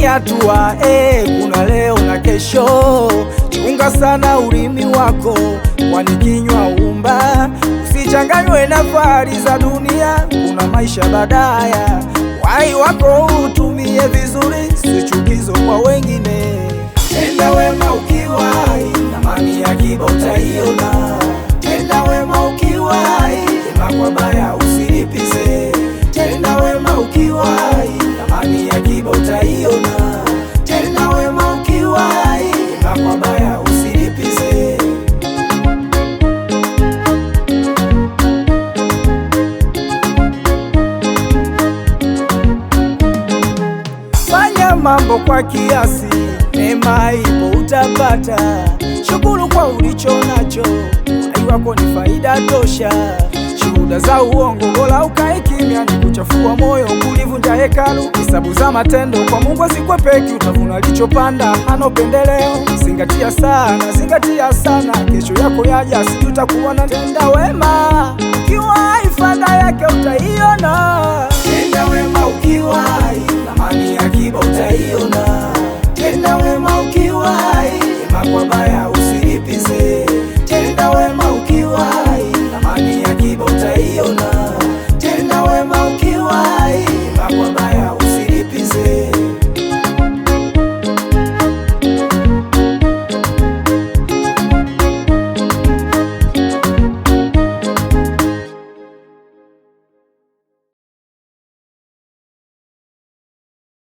ni hatua eh, kuna leo na kesho. Chunga sana ulimi wako, kwani kinywa umba. Usichanganywe na fahari za dunia, kuna maisha badaya. Wai wako utumie vizuri, si chukizo kwa wengine. Tenda wema ukiwai, thamani ya kiba utaiona. Tenda wema ukiwai, mema kwa baya usilipize mambo kwa kiasi, neema ipo utapata. Shukuru kwa ulicho nacho, udai wako ni faida tosha. Shuhuda za uongo bora ukae kimya, ni kuchafua moyo, kulivunja hekalu. Hesabu za matendo kwa Mungu zikwepeki utavuna alichopanda, hana upendeleo. Zingatia sana, zingatia sana, kesho yako yaja, sijui utakuwa na tenda wema, kiwa ifada yake utaiona. now.